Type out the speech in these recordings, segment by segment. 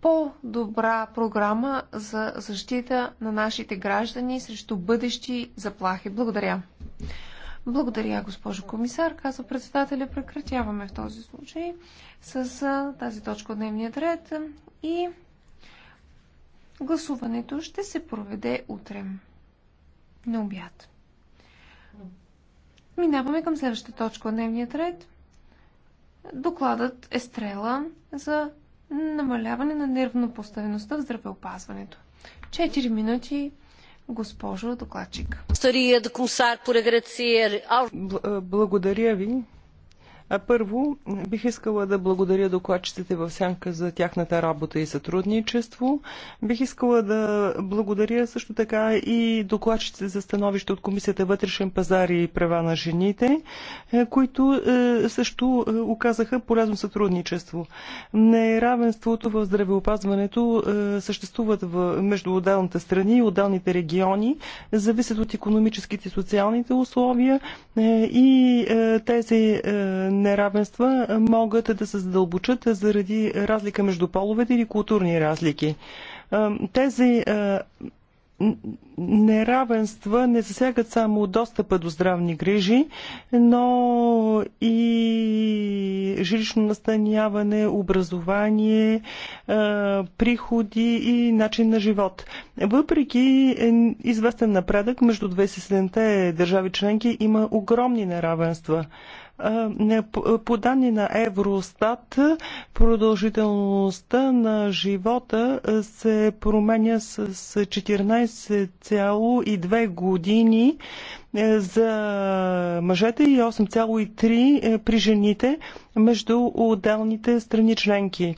по-добра програма за защита на нашите граждани срещу бъдещи заплахи. Благодаря. Благодаря, госпожо комисар. Казва председателя, прекратяваме в този случай с тази точка от дневния ред и гласуването ще се проведе утре на обяд. Минаваме към следващата точка от дневния ред. Докладът Естрела за намаляване на нервнопоставеността в здравеопазването. Четири минути госпожо докладчик. Благодаря ви. Първо, бих искала да благодаря докладчиците в Сянка за тяхната работа и сътрудничество. Бих искала да благодаря също така и докладчиците за становище от Комисията Вътрешен пазар и права на жените, е, които е, също е, оказаха полезно сътрудничество. Неравенството в здравеопазването съществуват между отделните страни и отделните региони, зависят от економическите и социалните условия и тези неравенства могат да се задълбочат заради разлика между половете или културни разлики. Тези неравенства не засягат само достъпа до здравни грижи, но и жилищно настаняване, образование, приходи и начин на живот. Въпреки е, известен напредък между 27-те държави членки има огромни неравенства. По данни на Евростат, продължителността на живота се променя с 14,2 години за мъжете и 8,3 при жените между отделните страни членки.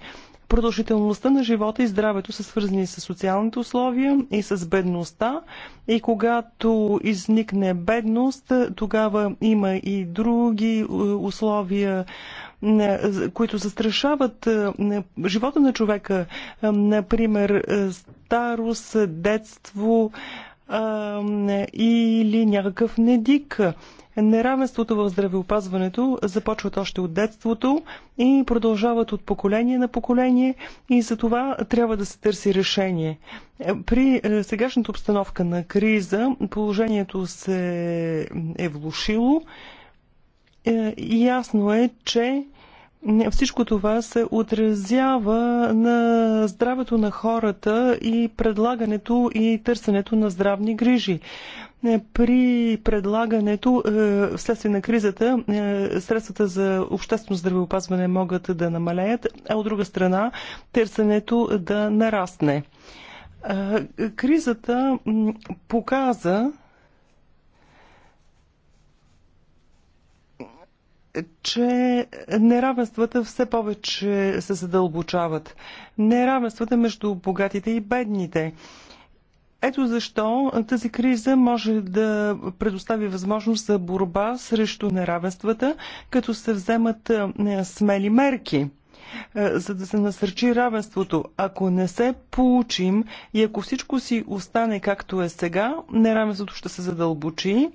Продължителността на живота и здравето са свързани с социалните условия и с бедността. И когато изникне бедност, тогава има и други е, условия е, които застрашават е, живота на човека, например старост, детство или някакъв недик. Неравенството в здравеопазването започват още от детството и продължават от поколение на поколение и за това трябва да се търси решение. При е, сегашната обстановка на криза положението се е влушило. Е, ясно е, че всичко това се отразява на здравето на хората и предлагането и търсенето на здравни грижи. Е, при предлагането е, вследствие на кризата е, средствата за обществено здравеопазване могат да намалеят, а от друга страна търсенето да нарасне. Кризата показа, че неравенствата все повече се задълбочават. Неравенствата между богатите и бедните. Ето защо тази криза може да предостави възможност за борба срещу неравенствата, като се вземат е, смели мерки е, за да се насърчи равенството. Ако не се получим и ако всичко си остане както е сега, неравенството ще се задълбочи.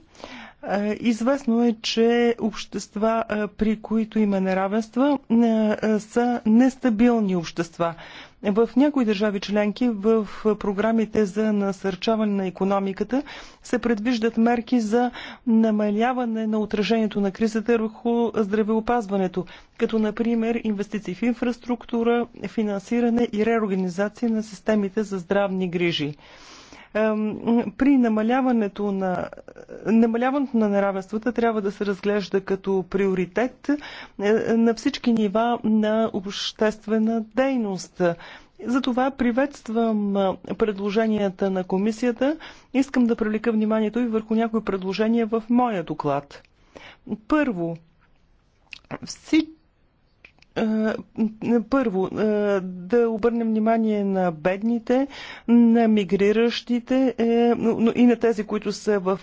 Известно е, че общества, при които има неравенства, са нестабилни общества. В някои държави членки в програмите за насърчаване на економиката се предвиждат мерки за намаляване на отражението на кризата върху здравеопазването, като например инвестиции в инфраструктура, финансиране и реорганизация на системите за здравни грижи при намаляването на, намаляването на неравенствата трябва да се разглежда като приоритет е, на всички нива на обществена дейност. Затова приветствам предложенията на комисията. Искам да привлека вниманието и върху някои предложения в моя доклад. Първо, всички е, първо, е, да обърнем внимание на бедните, на мигриращите е, и на тези, които са в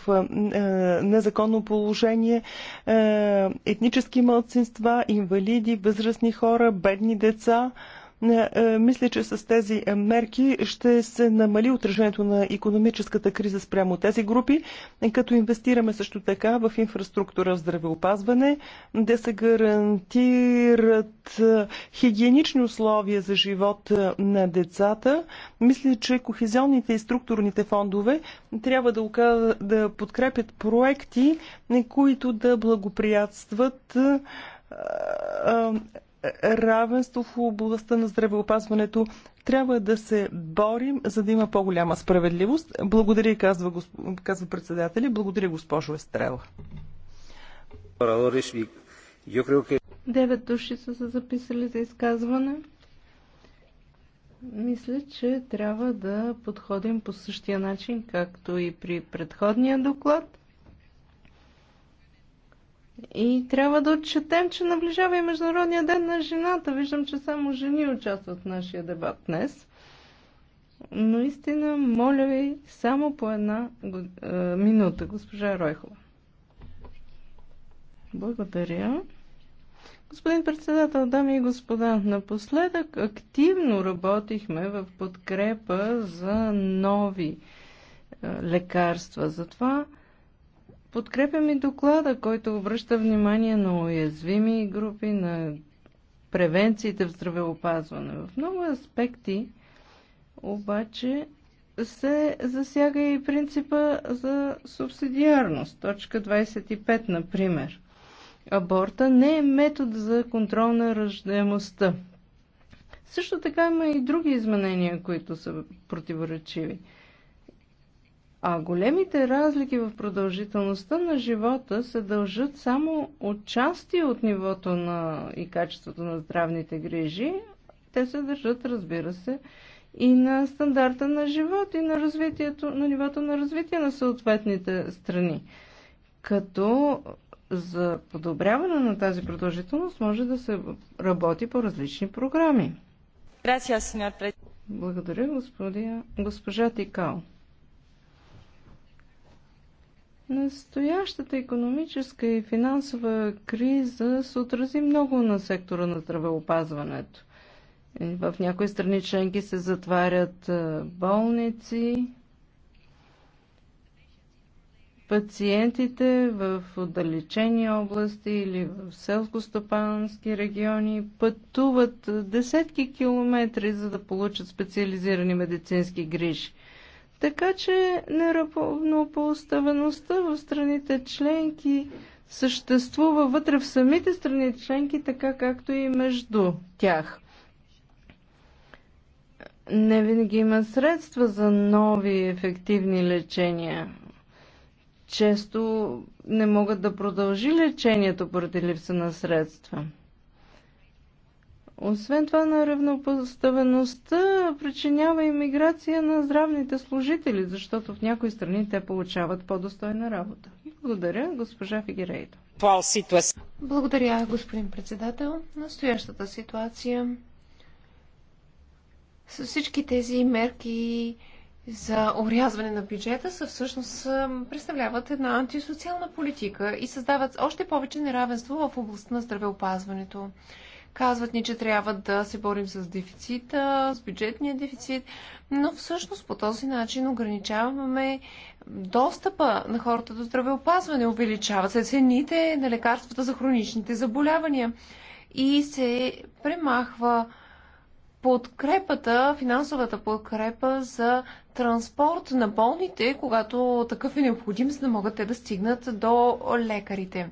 незаконно положение, етнически младсинства, инвалиди, възрастни хора, бедни деца. Е, е, мисля, че с тези мерки ще се намали отражението на економическата криза спрямо тези групи, е, като инвестираме също така в инфраструктура в здравеопазване, да се гарантират хигиенични условия за живот на децата. Мисля, че кохезионните и структурните фондове трябва да, указа, да подкрепят проекти, които да благоприятстват равенство в областта на здравеопазването. Трябва да се борим, за да има по-голяма справедливост. Благодаря, казва, госп... казва председателя. Благодаря, госпожо Естрела. Девет души са се записали за изказване. Мисля, че трябва да подходим по същия начин, както и при предходния доклад – и трябва да отчетем, че наближава и Международния ден на жената. Виждам, че само жени участват в нашия дебат днес. Но истина, моля ви, само по една е, минута, госпожа Ройхова. Благодаря. Господин председател, дами и господа, напоследък активно работихме в подкрепа за нови е, лекарства. Затова Подкрепям и доклада, който обръща внимание на уязвими групи, на превенциите в здравеопазване. В много аспекти обаче се засяга и принципа за субсидиарност. Точка 25, например. Аборта не е метод за контрол на ръждаемостта. Също така има и други изменения, които са противоречиви. А големите разлики в продължителността на живота се дължат само от части от нивото на и качеството на здравните грижи. Те се държат, разбира се, и на стандарта на живот и на, развитието, на нивото на развитие на съответните страни. Като за подобряване на тази продължителност може да се работи по различни програми. Благодаря, господия, госпожа Тикао. Настоящата економическа и финансова криза се отрази много на сектора на здравеопазването. Е, в някои страни членки се затварят е, болници, пациентите в отдалечени области или в селско-стопански региони пътуват е, десетки километри, за да получат специализирани медицински грижи. Така че неравнопоставеността в страните членки съществува вътре в самите страни членки, така както и между тях. Не винаги има средства за нови ефективни лечения. Често не могат да продължи лечението поради липса на средства. Освен това на равнопоставеността причинява иммиграция на здравните служители, защото в някои страни те получават по-достойна работа. Благодаря, госпожа Фигерейдо. Благодаря, господин председател. Настоящата ситуация с всички тези мерки за урязване на бюджета са всъщност представляват една антисоциална политика и създават още повече неравенство в областта на здравеопазването. Казват ни, че трябва да се борим с дефицита, с бюджетния дефицит, но всъщност по този начин ограничаваме достъпа на хората до здравеопазване. Увеличават се цените на лекарствата за хроничните заболявания и се премахва подкрепата, финансовата подкрепа за транспорт на болните, когато такъв е необходим, за да могат те да стигнат до лекарите.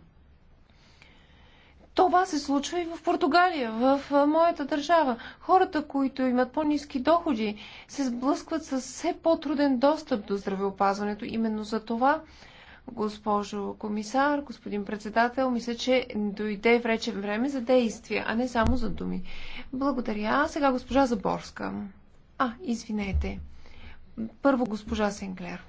Това се случва и в Португалия, в моята държава. Хората, които имат по-низки доходи, се сблъскват с все по-труден достъп до здравеопазването. Именно за това, госпожо комисар, господин председател, мисля, че дойде вече време за действия, а не само за думи. Благодаря. А Сега госпожа Заборска. А, извинете. Първо госпожа Сенклер.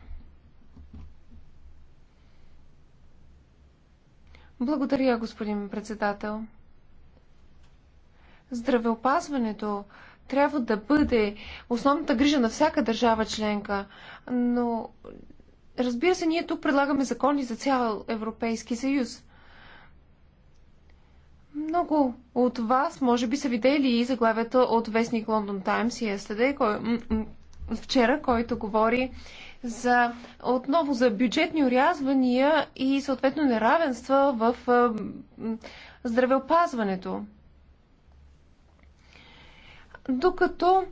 Благодаря, господин председател. Здравеопазването трябва да бъде основната грижа на всяка държава членка, но разбира се, ние тук предлагаме закони за цял Европейски съюз. Много от вас, може би, са видели и заглавията от вестник Лондон Таймс и Естеде, кой, вчера, който говори за, отново за бюджетни урязвания и съответно неравенства в е, здравеопазването. Докато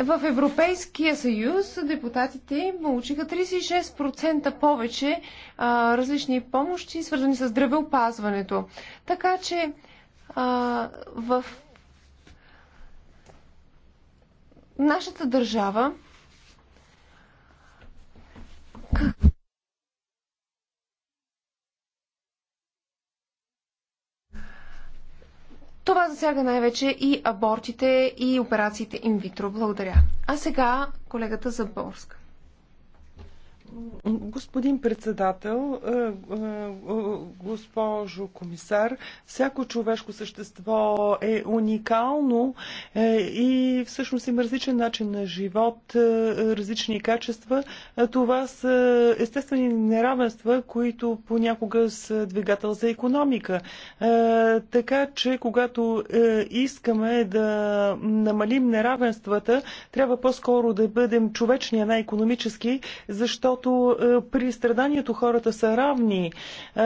в Европейския съюз депутатите получиха 36% повече а, е, различни помощи, свързани с здравеопазването. Така че а, е, в нашата държава Това засяга най-вече и абортите и операциите инвитро. Благодаря. А сега колегата Заборска. Господин председател, е, е, е, госпожо комисар, всяко човешко същество е уникално и всъщност има различен начин на живот, различни качества. Това са естествени неравенства, които понякога са двигател за економика. Така че, когато искаме да намалим неравенствата, трябва по-скоро да бъдем човечни, а не економически, защото защото е, при страданието хората са равни, е,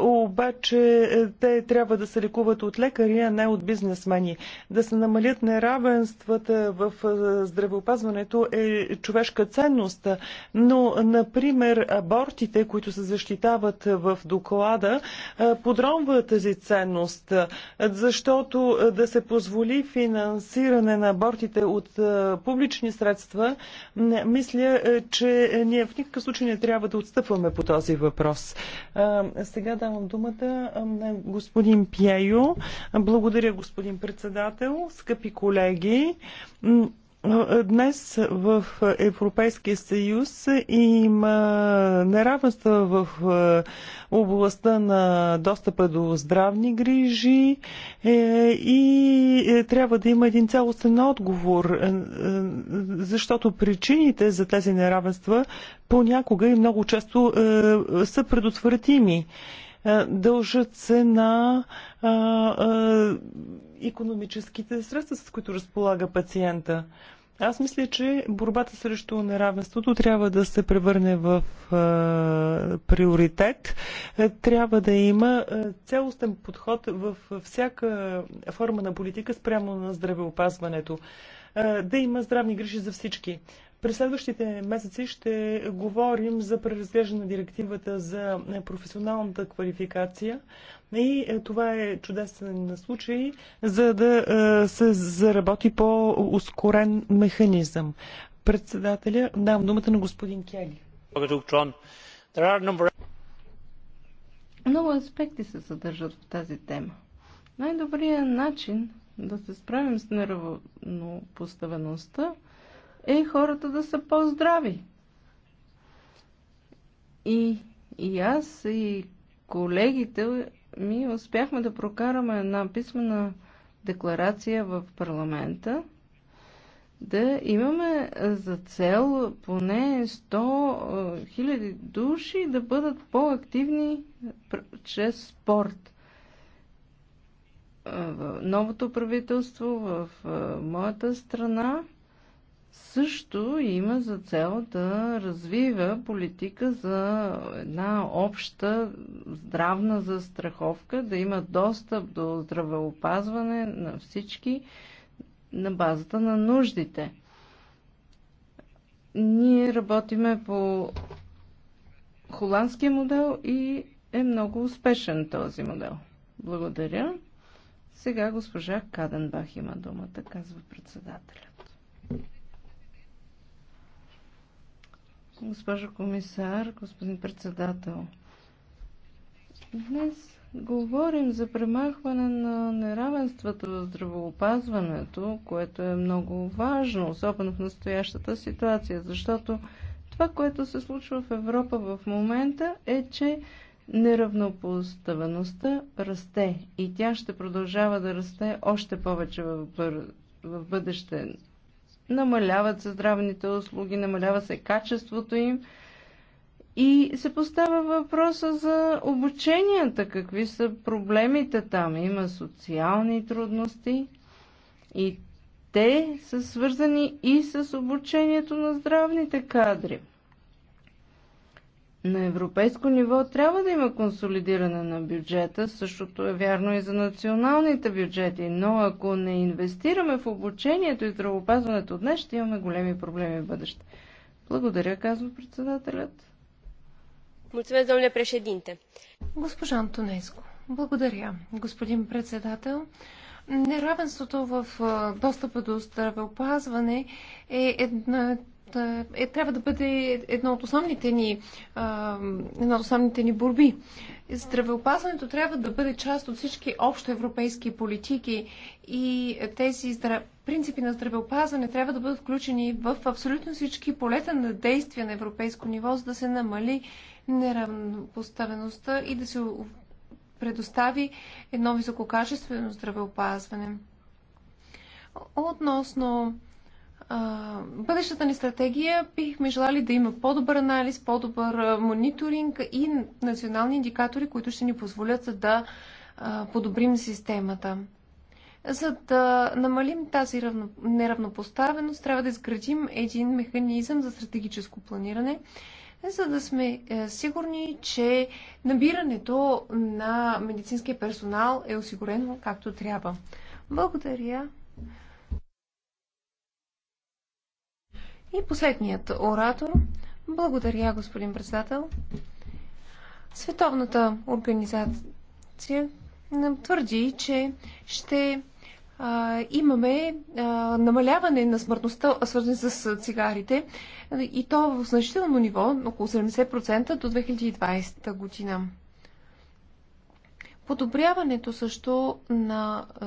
обаче е, те трябва да се лекуват от лекари, а не от бизнесмени. Да се намалят неравенствата в здравеопазването е човешка ценност, но, например, абортите, които се защитават в доклада, подромват тази ценност, защото да се позволи финансиране на абортите от публични средства, мисля, че ние в никакъв никакъв случай не трябва да отстъпваме по този въпрос. Сега давам думата на господин Пейо. Благодаря, господин председател, скъпи колеги. Е, днес в Европейския съюз има неравенства в е, областта на достъпа до здравни грижи е, и трябва да има един цялостен отговор, защото причините за тези неравенства понякога и много често са предотвратими. Дължат се на економическите средства, с които разполага пациента. Аз мисля, че борбата срещу неравенството трябва да се превърне в е, приоритет. Трябва да има цялостен подход в всяка форма на политика спрямо на здравеопазването. Е, да има здравни грижи за всички. През следващите месеци ще говорим за преразглеждане на директивата за професионалната квалификация. И е, това е чудесен случай, за да е, се заработи по ускорен механизъм. Председателя, дам думата на господин Кели. Много аспекти се съдържат в тази тема. Най-добрият начин да се справим с неравнопоставеността е хората да са по-здрави. И, и аз, и колегите ми успяхме да прокараме една писмена декларация в парламента, да имаме за цел поне 100 000 е, души да бъдат по-активни чрез спорт. Е, в новото правителство в е, моята страна също има за цел да развива политика за една обща здравна застраховка, да има достъп до здравеопазване на всички на базата на нуждите. Ние работиме по холандския модел и е много успешен този модел. Благодаря. Сега госпожа Каденбах има думата, казва председателят. Госпожо комисар, господин председател, днес говорим за премахване на неравенствата в здравоопазването, което е много важно, особено в настоящата ситуация, защото това, което се случва в Европа в момента е, че неравнопоставеността расте и тя ще продължава да расте още повече в, бър... в бъдеще намаляват се здравните услуги, намалява се качеството им. И се поставя въпроса за обученията, какви са проблемите там. Има социални трудности и те са свързани и с обучението на здравните кадри. На европейско ниво трябва да има консолидиране на бюджета, същото е вярно и за националните бюджети, но ако не инвестираме в обучението и здравопазването днес, ще имаме големи проблеми в бъдеще. Благодаря, казва председателят. Mulțumesc, domnule președinte. Госпожа Антонеско, благодаря. Господин председател, неравенството в достъпа до здравеопазване е една е, трябва да бъде една от основните ни, а, едно от основните ни борби. Здравеопазването трябва да бъде част от всички общоевропейски политики и тези здрав... принципи на здравеопазване трябва да бъдат включени в абсолютно всички полета на действия на европейско ниво, за да се намали неравнопоставеността и да се предостави едно висококачествено здравеопазване. Относно а, бъдещата ни стратегия бихме желали да има по-добър анализ, по-добър мониторинг и национални индикатори, които ще ни позволят да а, подобрим системата. За да намалим тази равно, неравнопоставеност, трябва да изградим един механизъм за стратегическо планиране, за да сме е, сигурни, че набирането на медицинския персонал е осигурено както трябва. Благодаря. И последният оратор. Благодаря, господин председател. Световната организация твърди, че ще а, имаме а, намаляване на смъртността, свързан с цигарите, и то в значително ниво, около 70% до 2020 година. Подобряването също на а,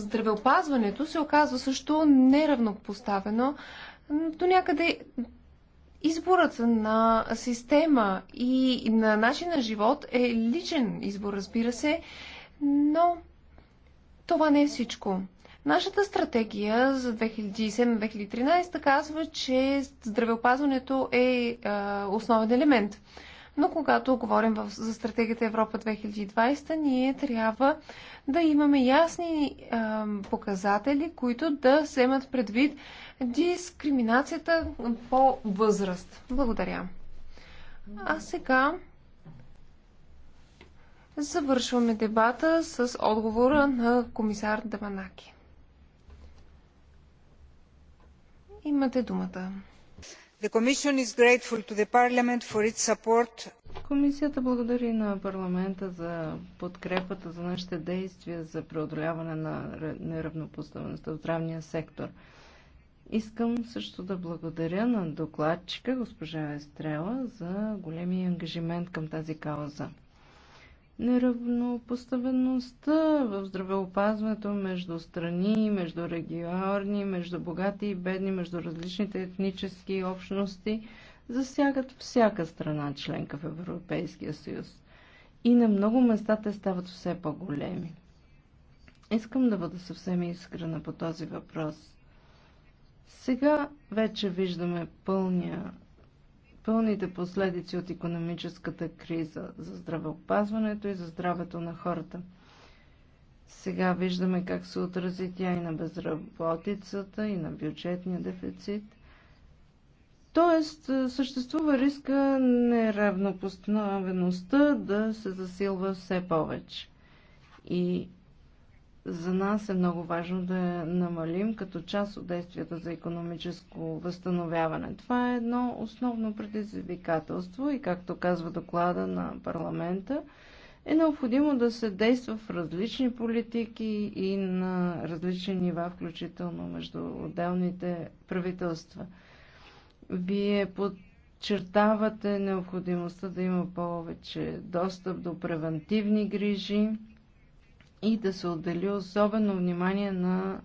здравеопазването се оказва също неравнопоставено. До някъде изборът на система и на начин на живот е личен избор, разбира се, но това не е всичко. Нашата стратегия за 2007-2013 казва, че здравеопазването е основен елемент. Но когато говорим за стратегията Европа 2020, ние трябва да имаме ясни показатели, които да вземат предвид дискриминацията по възраст. Благодаря. А сега завършваме дебата с отговора на комисар Даманаки. Имате думата. The Commission is grateful to the Parliament for its support. Комисията благодари на парламента за подкрепата за нашите действия за преодоляване на неравнопоставеността в здравния сектор. Искам също да благодаря на докладчика госпожа Естрела за големия ангажимент към тази кауза неравнопоставеността в здравеопазването между страни, между региони, между богати и бедни, между различните етнически общности засягат всяка страна членка в Европейския съюз. И на много места те стават все по-големи. Искам да бъда съвсем искрена по този въпрос. Сега вече виждаме пълния пълните последици от економическата криза за здравеопазването и за здравето на хората. Сега виждаме как се отрази тя и на безработицата, и на бюджетния дефицит. Тоест, е, съществува риска неравнопоставеността да се засилва все повече. И за нас е много важно да я намалим като част от действията за економическо възстановяване. Това е едно основно предизвикателство и, както казва доклада на парламента, е необходимо да се действа в различни политики и на различни нива, включително между отделните правителства. Вие подчертавате необходимостта да има повече достъп до превентивни грижи, и да се отдели особено внимание на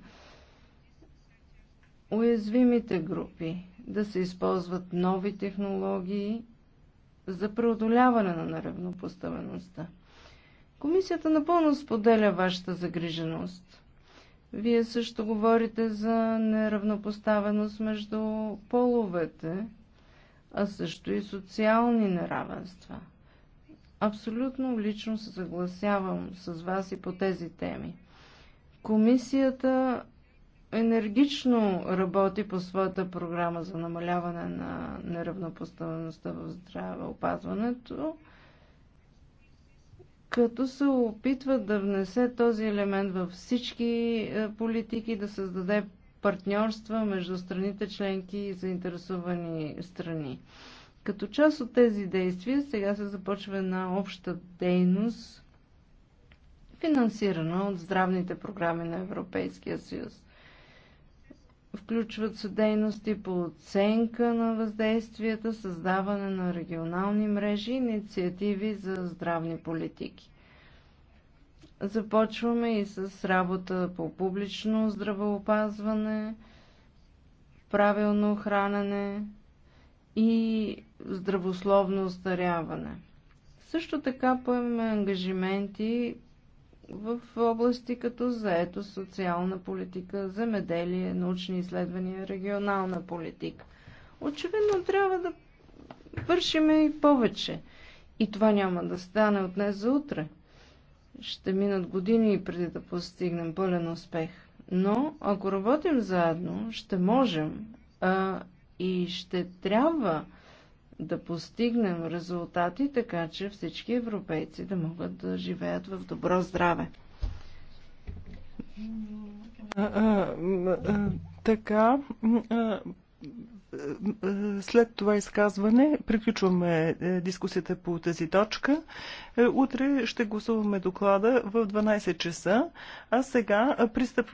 уязвимите групи, да се използват нови технологии за преодоляване на неравнопоставеността. Комисията напълно споделя вашата загриженост. Вие също говорите за неравнопоставеност между половете, а също и социални неравенства – Абсолютно лично се съгласявам с вас и по тези теми. Комисията енергично работи по своята програма за намаляване на неравнопоставеността в здравеопазването, като се опитва да внесе този елемент във всички е, политики, да създаде партньорства между страните членки и заинтересовани страни. Като част от тези действия сега се започва една обща дейност, финансирана от здравните програми на Европейския съюз. Включват се дейности по оценка на въздействията, създаване на регионални мрежи и инициативи за здравни политики. Започваме и с работа по публично здравеопазване, правилно хранене и здравословно остаряване. Също така поемаме ангажименти в области като заето, социална политика, земеделие, научни изследвания, регионална политика. Очевидно трябва да вършиме и повече. И това няма да стане от днес за утре. Ще минат години и преди да постигнем пълен успех. Но ако работим заедно, ще можем а, и ще трябва да постигнем резултати, така че всички европейци да могат да живеят в добро здраве. така, след това изказване приключваме е, дискусията по тази точка. Е, утре ще гласуваме доклада в 12 часа, а сега пристъпваме